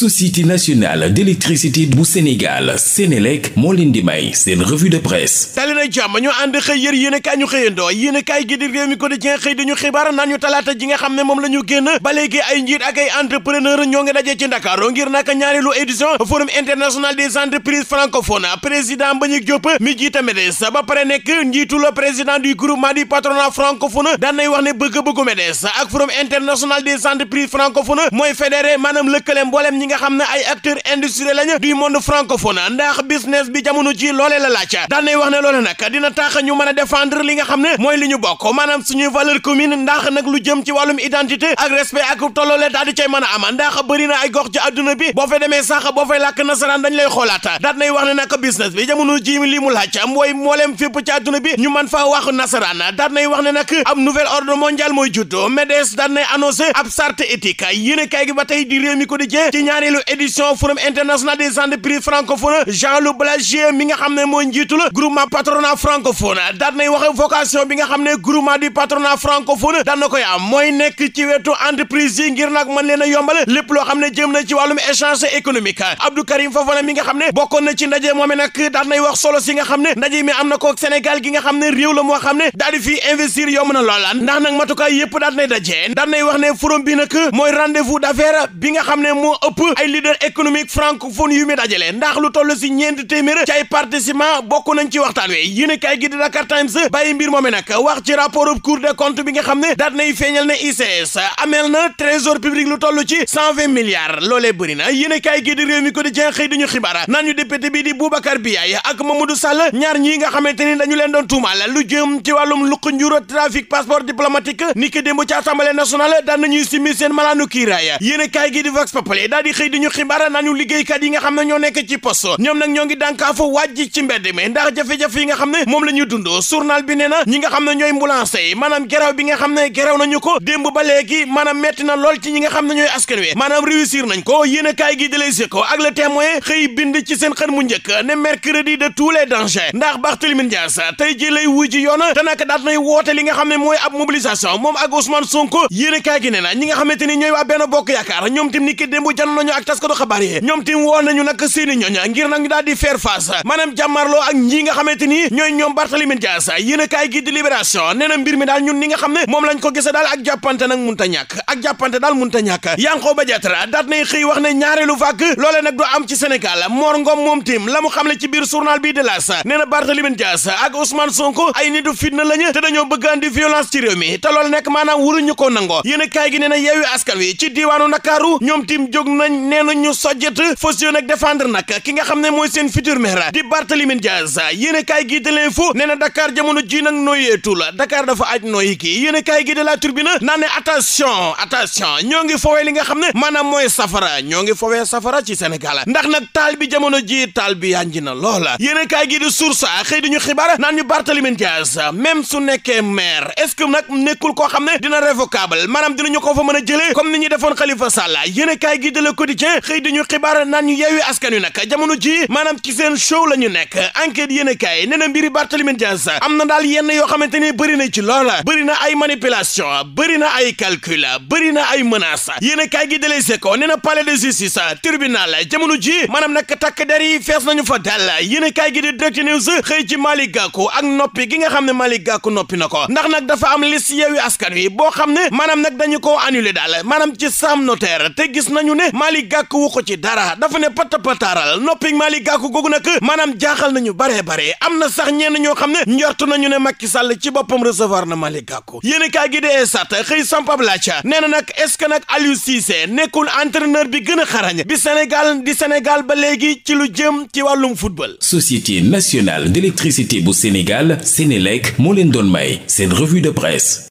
société nationale d'électricité bu Sénégal Sénélec moo leen di may seen revue de presse tali jàmm ñu ànd xëy yër yéen a kaay ñu xëyandoo yéen a gi di réew mi quotidien xëy dañu xibaar naan ñu talaata ji nga xam ne moom la ñu génn ba léegi ay njiit ak ay entrepreneur ñoo ngi dajee ci Ndakaaru ngir naka ñaareelu édition forum international des entreprises francophones président Mbagnick Diop mi jiite MEDES ba pare nekk njiitu président du groupement nga xam ne ay acteurs industriels lañu du monde francophone ndax business bi jamono ji loole la laaj daan wax ne loole nag dina tax ñu mën a défendre li nga xam ne mooy li ñu bokk maanaam suñuy valeur commune ndax nag lu jëm ci wàllum identité ak respect ak tolloole daal cay mën a am ndax bëri ay gox ci àdduna bi boo fay demee sax boo fay làkk nasaraan dañ lay xoolaat daan wax ne nag business bi jamono ji li mu laaj mooy mboolem fépp ci àdduna ñaareelu édition forum international des entreprises Jean Loup Blagier mi nga xam ne mooy njiitul groupement patronat francophone daat nay waxe vocation bi nga xam ne groupement du patronat francophone daan na koy am mooy nekk ci wetu entreprise yi ngir nag mën leen a yombal lépp loo xam ne jëm na ci wàllum échange économique Abdou Karim mi nga xam ne bokkoon na ci ndaje moome nag daat nay wax solo si nga xam ne ndaje mi am na ko Sénégal gi nga xam ne réew ay leader économique francophone yu mu dajale ndax lu toll si ñeenti téeméer ci ay participants bokk ci waxtaan wi yéen a kaay gi di Dakar Times bàyyi mbir moomee wax ci rapport Cour des comptes bi nga xam ne daat nay feeñal ne ICS ameel na trésor public lu toll ci cent vingt milliards loolee bëri na a réew mi ko di jeex xëy dañu xibaar naan ñu député bi di Boubacar Biaye ak Mamadou Sall ñaar ñii nga xamante ni dañu leen doon tuumaal lu jëm ci wàllum luq a kaay gi di xëy di ñu xibaara nañu liggéeykat yi nga xam ne ñoo nekk ci poste ñoom nag ñoo ngi ci mbedd mi ndax jafe-jafe yi xam ne moom la ñuy dund journal bi nee na ñi nga xam ne ñooy ambulancier yi maanaam gerew bi nga xam ne gerew ko démb ba léegi maanaam metti na lool ci ñi nga xam ne ñooy askan wi maanaam réussir nañ ko yéen a kaay gi di Les Échos ak Le Témoin xëy bind ci seen xën mu njëkk ne mercredi de tous les dangers ndax Barthélémy Dias tey ji lay wuy ji yoon te nag daat nay woote li xam ne mooy ab mobilisation moom ak Ousmane Sonko a kaay gi nee na ñi nga xamante ni ñooy ñooñu ak taskatu ñoom tim woo nañu nag seeni ñooña ngir ñu daal di faire face ak ñi nga xamante ni ñooy ñoom Barthélémy Dias yéen a gi di libération nee daal ñun ni nga moom lañ ko gisa daal ak jàppante nag munta ñàkk ak jàppante daal munta ñàkk Yankhoba Diattara daat nay xëy wax ne ñaareelu vague loole nag du am ci Sénégal Mor Ngom moom tim la mu ci biir journal bii de L'As nee na Barthélémy ak Ousmane Sonko ay nitu fitna lañu na nañ nee na ñu sojjet fas yoo nag ki nga xam ne mooy seen futur maire di Barthélémy Dias yéene kaay gi de l'info nee na Dakar jamono ji nag nooyeetul Dakar dafa aj nooyi kii yéene kaay gi de la Tribune naa ne attention attention ñoo ngi foowee li nga xam ne maanaam mooy safara ñoo ngi foowee safara ci Sénégal ndax nag taal bi jamono ji taal bi yànji na loola yéene kaay gi di source xëy di ñu xibaar naan ñu Barthélémy Dias ne dina révocable maanaam dinañu a jëlee comme ni ñu defoon Khalifa Sall quotidien xëy dañu xibaar naan ñu yeewi askan wi nag jamono ji maanaam ci seen show la ñu nekk enquête yéen a kaay nee na mbiri Barthélémy Dias am na daal yenn yoo xamante ni bëri na ci loola bëri na ay manipulation bëri na ay calcul bëri na ay menace yéen a kaay gi dalee seko nee na palais de justice tribunal jamono ji maanaam nag takk der yi fees nañu fa dal yéen a kaay gi di direct news xëy ci Malick Gakou ak noppi gi nga xam ne ga Gakou noppi na ko ndax nag dafa am liste yeewi askan wi boo xam ne maanaam nag dañu koo annulé daal maanaam ci Sam Notaire te gis nañu ne Malick Gakou waxu ci dara dafa ne pata pataaral noppi Malick Gakou googu nag maanaam jaaxal nañu baree bare am na sax ñeen ñoo xam ne njortu nañu ne Macky Sall ci boppam recevoir na Malick Gakou yéen i gi de sat xëy sampab laaca nee na nag est-ce que nag Aliou Cissé nekkul entraîneur bi gën a xarañ bi Sénégal di Sénégal ba léegi ci lu jëm ci wàllum football. Société nationale d'électricité bu Sénégal Sénélec moo leen doon may seen revue de presse.